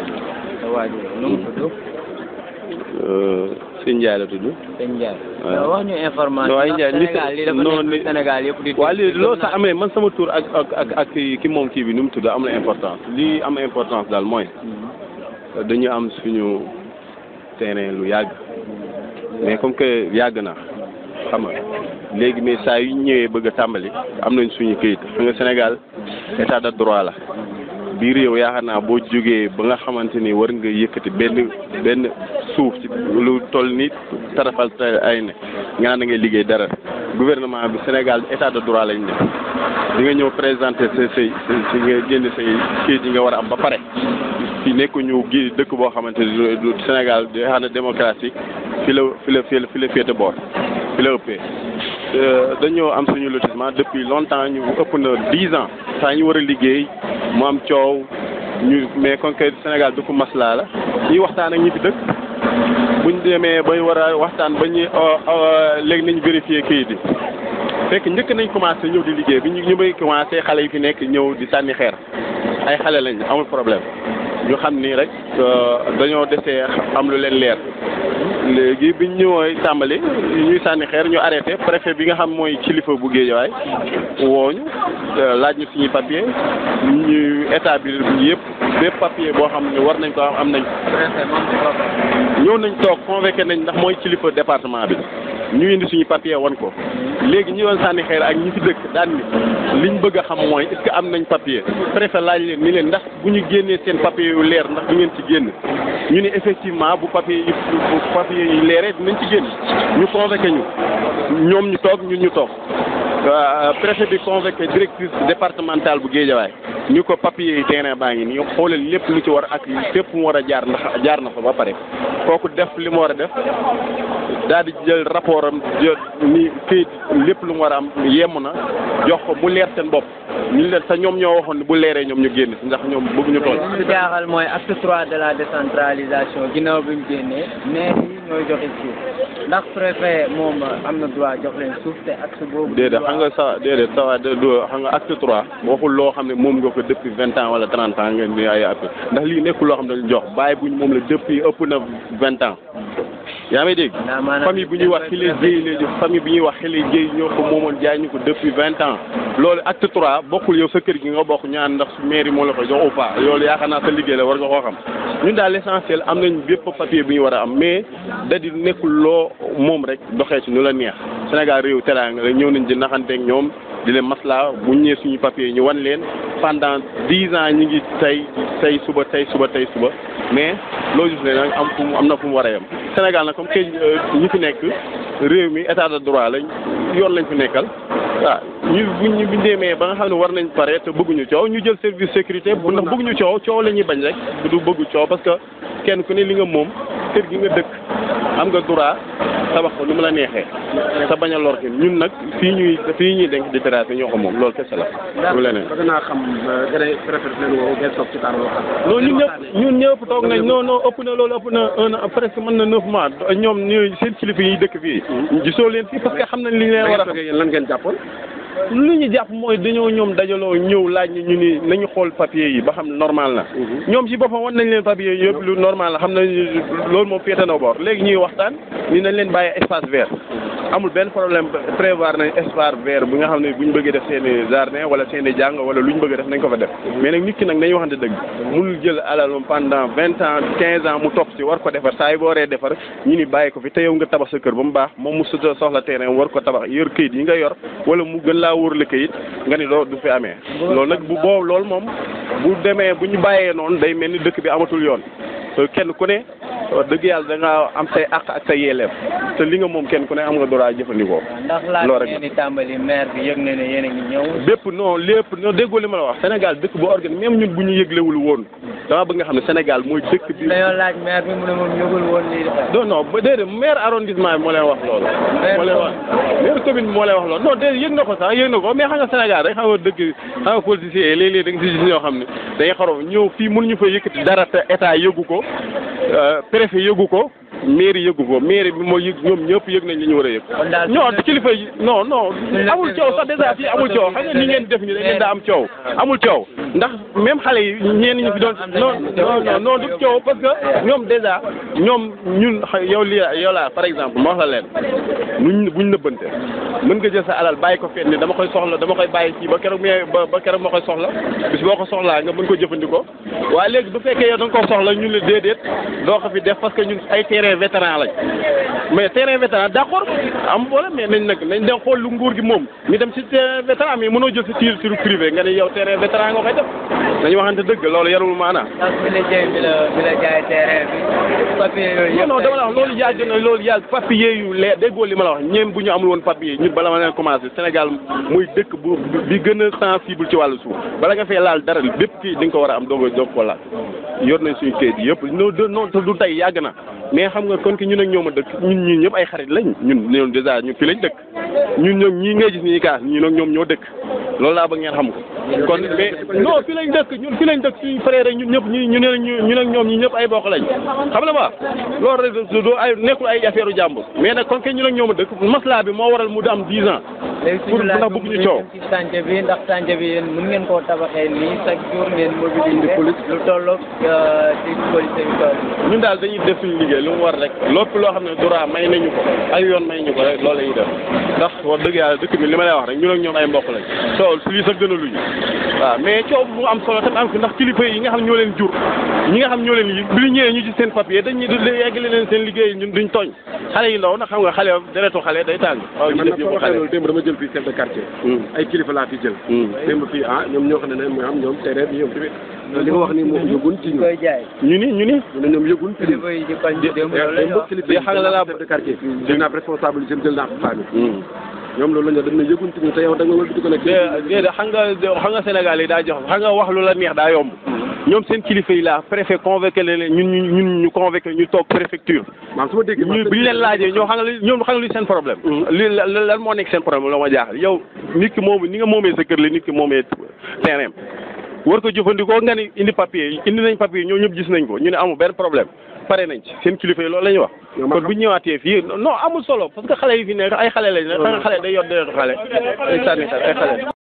waajur sa waajur nu mu tudd. Euh, sëñ Ndiaye la tudd. sëñ Ndiaye. waaw wax waaye loolu sax amee man sama tour ak ak ak ki moom kii bi nu mu tudd am na importance lii am importance daal mooy. Mm-hmm. dañu am suñu terrain lu yàgg. Mm-hmm. mais comme que yàgg na am nga léegi mais saa yu ñëwee bëgg tàmbali am nañ suñu këyit xam nga Sénégal état de droit la. Mm-hmm. biir yow yaakaar naa boo jógee ba nga xamante ni war nga yëkkati benn benn suuf ci lu toll ni tarafal ay ne nga naan da ngay liggéey dara gouvernement bi Sénégal état de droit lañ def di nga ñëw présenter say say si nga génn say kayit nga war a am ba pare fi nekkuñu gi dëkk boo xamante ni du Sénégal yaakaar na démocratique fi la fi la fi boor fi la ëppee euh, dañoo am suñu lotissement depuis longtemps ñu ëpp na dix ans saa ñu war a liggéey mu am coow ñu mais kon kay Sénégal dëkku maslaa la ñuy waxtaan ak ñi fi dëkk buñ demee ba war a waxtaan ba ñu oh, oh, léegi nañu vérifier kayit yi fekk njëkk nañ commencé ñëw di liggéey bi ñu ñu ba commencé xale yi fi nekk ñëw di sànni xeer ay xale lañ amul problème ñu xam ni rek euh, dañoo desee am lu leen leer léegi biñ ñëwooy tàmbali ñuy sànni xeer ñu arrêté préfet bi nga xam mooy kilifa bu géejawaay wooñu euh, laaj ñu suñu papier ñu établir yëpp bépp papier boo xam ne war nañ ko am am nañ ñëw nañ toog convoqué nañ ndax mooy kilifa département bi ñu indi suñu papier wan ko léegi ñi doon sànni xeer ak ñi fi dëkk daan ni ñu bëgg a xam mooy est-ce am nañ papier préfet laaj leen ni leen ndax bu ñu génnee seen papier yu leer ndax du ngeen ci génn ñu ne effectivement bu papier yu papier yu leeree dinañ ci ñu convoqué ñu ñoom ñu toog ñu ñu toog euh, préfet bi convoqué directrice départementale bu Guédiawaye ñu ko papier yi terrain baa ngi nii xoolal lépp lu ci war ak fépp mu war a jaar ndax jaar na fa ba pare kooku def li mu war a def daal di jël rapport am jot ni kayit lépp lum mu war a yemm na jox ko mu leer seen bopp. ñu leen sax ñoom ñoo waxoon bu leeree ñoom ñu génn ndax ñoom bëgguñu tool. li ñu jaaxal mooy acte trois de la décentralisation ginnaaw bi ñu génnee maire moom na droit jox leen suuf te acte sa déedéet ça va xam nga acte trois waxul loo xam ne moom nga ko depuis vingt ans wala trente ans ndax loo xam ne dañu jox bàyyi buñ moom la depuis ëpp na vingt ans. yaa ngi dégg famille bu ñuy wax xile jéy léegi famille bu ñuy wax xile jéy ñoo ko moomoon jaay ñu ko depuis vingt ans loolu acte trois bokkul yow sa kër gi nga bokk ñaan ndax mairie moo jox ou pas loolu yaakaar naa sa liggéey la war nga koo xam ñun daal l'essentiel am ñu war a am mais da nekkul loo moom rek doxee ci nu la neex Sénégal réew teraanga la ñëw nañ di naxanteeg ñoom di leen maslaa bu ñëwee suñu papier ñu wan leen pendant dix ans ñu ngi tey tey suba tey suba tey suba mais loolu gis ne nag am am na fu mu war a yem Sénégal na comme que euh, ñi fi nekk réew mi état de droit lañ yoon lañ fi nekkal waaw ñu buñ ñu demee ba nga xam ne war nañ pare te bëgguñu coow ñu jël service sécurité bu ndax bëgguñu coow coow la ñuy bañ rek du bëggu coow parce que kenn ku ne li nga moom kër gi nga dëkk am nga droit tabax ko nu mu la neexee te bañ a lor ñun nag fii ñuy fii ñuy denk di terrasse ñoo ko moom loolu kese la lu leneen euh, non ñun ñëpp ñun ñëpp toog nañ non non ëpp na loolu ëpp na un presque mën na neuf mois ñoom ñooy seen kilifa yi dëkk fii mm-hmm. gisoo leen fii parce que xam nañ li ñu leen war a lan ngeen lu ñu jàpp mooy dañoo ñoom dajaloo ñëw laaj ñu ni nañu xool papier yi ba xam normal na. Mhm. ñoom ci boppam wan nañ leen papier yi yëpp lu normal la xam nañ loolu moom féete na boor léegi ñuy waxtaan ni nañ leen bàyyi espace vert. amul benn problème prévoir nañ espace vert bi nga xam ne bu ñu bëggee def seen i jardin wala seen i jàng wala lu ñu bëgg def nañ ko fa def mais nag nit ki nag nañu waxante dëgg mënul jël alal moom pendant vingt ans quinze ans mu toog si war ko defar saa yi booree defar ñu ni bàyyi ko fi te yow nga tabax sa kër ba mu baax moom mu soxla soxla terrain war ko tabax yor këyit yi nga yor wala mu gën laa wóor këyit nga ni doo du fi amee loolu nag bu boobu loolu moom bu demee bu ñu bàyyee noonu day mel ni dëkk bi amatul yoon wax dëgg yàlla da nga am say àq ak say yelleef te li nga moom kenn ku ne am nga droit jëfandikoo. loolu rek ndax laaj tàmbali maire bi yëg na ne yéen a ñëw. bépp non lépp non déggoo li ma la wax Sénégal dëkk bu organ même ñun bu ñu yëglewul woon dama bëgg nga xam ne Sénégal mooy dëkk bi. mu ne moom yëgul woon lii dafa. non non ba déedéet moo leen wax loolu. moo leen wax maire commune bi moo leen wax loolu non déedéet yëg na ko sax yëg na ko mais xam nga Sénégal rek xam nga dëkk xam nga politiciens yi léeg-léeg da nga si gis ñoo xam ne dañuy xarom ñëw fii mënuñu fa yëkkati dara ko Euh, préfet yëgu ko mairie yëgu ko mairie bi mooy ñoom ñëpp yëg nañ li ñu war a yëg. non te kilifa yi non non. amul coow sax dèjà fii amul coow xam nga ni ngeen def ñu da ngeen daa am coow. amul coow ndax même xale yi ñenn ñi fi doon non non non du ñoom déjà ñoom ñun yow lii yow laa par exemple ma wax la leen nuñ buñ nëbbante mën nga jël sa alal bàyyi ko fenn dama koy soxla dama koy bàyyi kii ba keroog ba ba keroog ma koy soxla bis boo ko soxlaa nga mën ko jëfandikoo waaye léegi bu fekkee yow da nga ko soxla ñun la déedéet doo ko fi def parce que ñun ay terrain vétéran lañ mais terrain vétéran d'accord am wala mais nañ nag nañ dem xool lu nguur gi moom ñu dem si terrain vétéran mais mënoo jël si tiir tiru nañu waxante dëgg loolu yarul maanaa. ndax bi la jaay bi la bi la jaay terrain bi papier yooyu yëpp. non dama la wax loolu yàgg na loolu yàgg papier yu leer déggoo li ma la wax ñeem bu ñu amul woon papier ñun bala ma leen commencé Sénégal muy dëkk bu bi gën a sensible ci wàllu suuf bala nga fee laal dara lépp kii di nga ko war a am doog a doog ko laal yor nañ suñu kayit yëpp non non te du tey yàgg na mais xam nga kon ki ñun ak ñoom a dëkk ñun ñii ñëpp ay xarit lañ ñun ñoom dèjà ñu fi lañ dëkk ñun ñoom ñii kaas ñun ak ñoom ñoo dëkk loolu laa ba ngeen xam ko. kon mais non fi lañ dëkk ñun fi lañ dëkk suñu frère rek ñun ñëpp ñu ñu ne ñu ne ñoom ñi ñëpp ay bokk lañ xam nga ma loolu rek du ay nekkul ay affaire jàmbur mais nag kon ke ñu ne ñoom a dëkk maslaa bi moo waral mu am 10 ans. léegi suñu laaj bu ñu jëm ci chantier bi ndax chantier bi yéen mën ngeen koo tabaxee nii chaque jour ngeen mobiliser lu tolloog euh, ci police bi tool ñun daal dañuy def suñu liggéey lu mu war rek lépp loo xam ne droit may nañu ko ay yoon may ñu ko rek loolu la ñuy def ndax wax dëgg yàlla dëkk bi li ma la wax rek ñun ak ñoom ay mbokk lañ soo lii sax gën a luñu waaw mais coow bu am solo tam ndax kilifa yi nga xam ñoo leen jur ñi nga xam ñoo leen yi ñu ñëwee ñu ci seen papier dañ ñu yeggale leen seen liggéey ñun duñ tooñ xale yi ndaw nag xam nga xale deretu xale day jël fii chef de quartier. Hmm. ay kilifa laa fi jël. Hmm. démb fii ah ñoom ñoo xam ne mooy am ñoom terrain bi ñoom tamit. li nga wax ni moom yëgun ci ñun. ñu ni ñu ni. ñu ne ñoom yëgun ci ñun. de quartier. jël yi daa jox xam wax lu la neex daa yomb. Hmm. ñom seen kilifa yi laa préfet convoqué la ñun ñun ñu convoqué ñu tok préfecture. man suma dégg ñu bu ñu leen laajee ñoo xam ne ñoom xam nga seen problème. Mm. li lan mo nek seen problème la ma jaaxal yow nit ki moom ni nga momé sa kër la nit ki momé terrain war ko jëfandikoo nga ni indi papier indi nañ papier ñoo ñëpp gis nañ ko ñu ne amu benn problème paré nañ ci seen kilifa yi loolu la wax. kon bu ñu ñëwaatee fii non amul solo parce que xale yi fi nekk ay xale lañ ne xale day yor day yor xale ay xale ay xale.